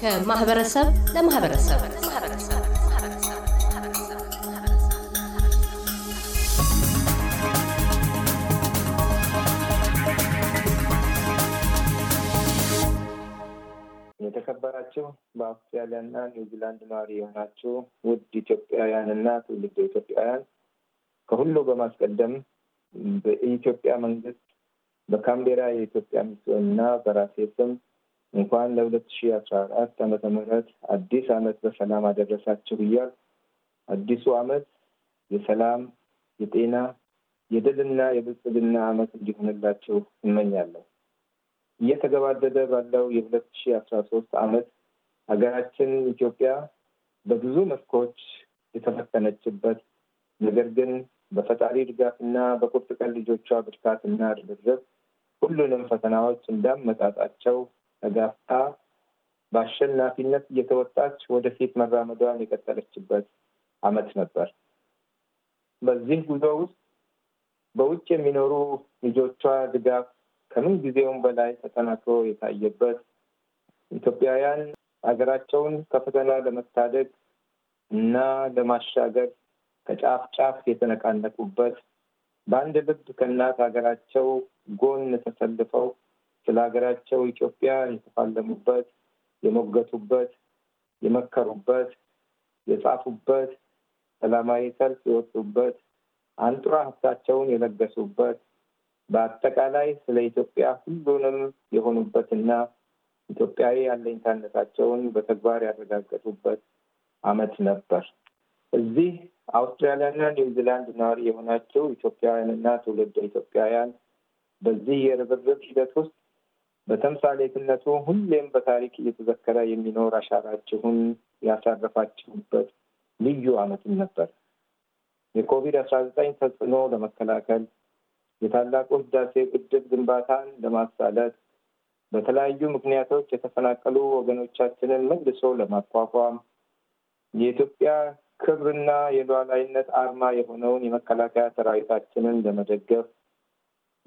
ከማህበረሰብ ለማህበረሰብ የተከበራችሁ በአውስትራሊያና ኒውዚላንድ ነዋሪ የሆናችሁ ውድ ኢትዮጵያውያንና ትውልድ ኢትዮጵያውያን ከሁሉ በማስቀደም በኢትዮጵያ መንግስት በካምቤራ የኢትዮጵያ ሚስዮን እና በራሴ ስም እንኳን ለሁለት ሺ አስራ አራት አመተ ምህረት አዲስ ዓመት በሰላም አደረሳችሁ እያል አዲሱ ዓመት የሰላም፣ የጤና፣ የድልና የብልጽግና ዓመት እንዲሆንላችሁ እመኛለሁ። እየተገባደደ ባለው የሁለት ሺ አስራ ሶስት ዓመት ሀገራችን ኢትዮጵያ በብዙ መስኮች የተፈተነችበት ነገር ግን በፈጣሪ ድጋፍና በቁርጥ ቀን ልጆቿ ብርታትና ርብርብ ሁሉንም ፈተናዎች እንዳመጣጣቸው ተጋፍታ በአሸናፊነት እየተወጣች ወደፊት መራመዷን የቀጠለችበት ዓመት ነበር። በዚህ ጉዞ ውስጥ በውጭ የሚኖሩ ልጆቿ ድጋፍ ከምን በላይ ተጠናክሮ የታየበት ኢትዮጵያውያን ሀገራቸውን ከፈተና ለመታደግ እና ለማሻገር ከጫፍ ጫፍ የተነቃነቁበት በአንድ ልብ ከእናት ሀገራቸው ጎን ተሰልፈው ስለ ሀገራቸው ኢትዮጵያ የተፋለሙበት፣ የሞገቱበት፣ የመከሩበት፣ የጻፉበት፣ ሰላማዊ ሰልፍ የወጡበት፣ አንጡራ ሀብታቸውን የለገሱበት፣ በአጠቃላይ ስለ ኢትዮጵያ ሁሉንም የሆኑበትና ኢትዮጵያዊ አለኝታነታቸውን በተግባር ያረጋገጡበት ዓመት ነበር። እዚህ አውስትራሊያና ኒውዚላንድ ነዋሪ የሆናቸው ኢትዮጵያውያንና ትውልድ ኢትዮጵያውያን በዚህ የርብርብ ሂደት ውስጥ በተምሳሌትነቱ ሁሌም በታሪክ እየተዘከረ የሚኖር አሻራችሁን ያሳረፋችሁበት ልዩ ዓመትም ነበር። የኮቪድ አስራ ዘጠኝ ተጽዕኖ ለመከላከል የታላቁ ህዳሴ ግድብ ግንባታን ለማሳለጥ በተለያዩ ምክንያቶች የተፈናቀሉ ወገኖቻችንን መልሶ ለማቋቋም የኢትዮጵያ ክብርና የሉዓላዊነት አርማ የሆነውን የመከላከያ ሰራዊታችንን ለመደገፍ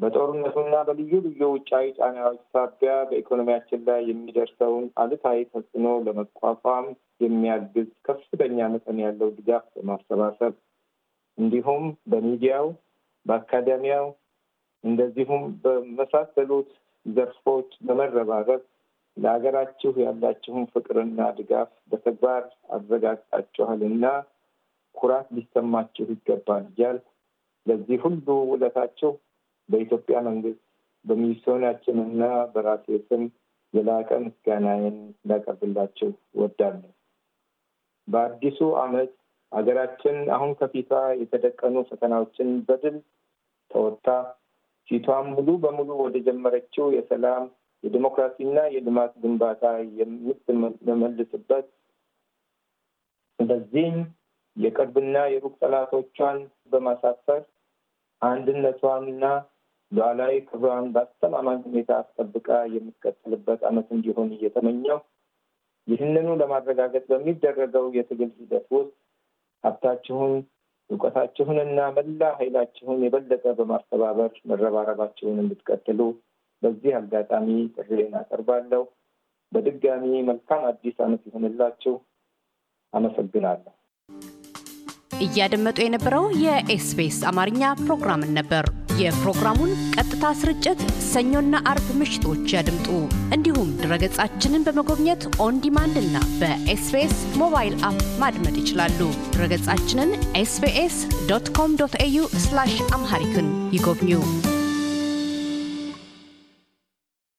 በጦርነቱና በልዩ ልዩ ውጫዊ ጫናዎች ሳቢያ በኢኮኖሚያችን ላይ የሚደርሰውን አሉታዊ ተጽዕኖ ለመቋቋም የሚያግዝ ከፍተኛ መጠን ያለው ድጋፍ በማሰባሰብ እንዲሁም በሚዲያው፣ በአካዳሚያው እንደዚሁም በመሳሰሉት ዘርፎች በመረባረብ ለሀገራችሁ ያላችሁን ፍቅርና ድጋፍ በተግባር አረጋግጣችኋልና ኩራት ሊሰማችሁ ይገባል እያልኩ ለዚህ ሁሉ ውለታችሁ በኢትዮጵያ መንግስት በሚስዮናችንና በራሴ ስም የላቀ ምስጋናዬን ላቀርብላችሁ ወዳለሁ። በአዲሱ ዓመት ሀገራችን አሁን ከፊቷ የተደቀኑ ፈተናዎችን በድል ተወጥታ ፊቷም ሙሉ በሙሉ ወደ ጀመረችው የሰላም የዲሞክራሲና የልማት ግንባታ የምትመልስበት በዚህም የቅርብና የሩቅ ጠላቶቿን በማሳፈር አንድነቷንና ሉዓላዊ ክብሯን በአስተማማኝ ሁኔታ አስጠብቃ የምትቀጥልበት አመት እንዲሆን እየተመኘው ይህንኑ ለማረጋገጥ በሚደረገው የትግል ሂደት ውስጥ ሀብታችሁን እውቀታችሁንና መላ ኃይላችሁን የበለጠ በማስተባበር መረባረባችሁን እንድትቀጥሉ በዚህ አጋጣሚ ጥሪዬን አቀርባለሁ። በድጋሚ መልካም አዲስ ዓመት ይሆንላችሁ። አመሰግናለሁ። እያደመጡ የነበረው የኤስቢኤስ አማርኛ ፕሮግራምን ነበር። የፕሮግራሙን ቀጥታ ስርጭት ሰኞና አርብ ምሽቶች ያድምጡ። እንዲሁም ድረገጻችንን በመጎብኘት ኦን ዲማንድ እና በኤስቢኤስ ሞባይል አፕ ማድመጥ ይችላሉ። ድረገጻችንን ኤስቢኤስ ዶት ኮም ዶት ኤዩ አምሃሪክን ይጎብኙ።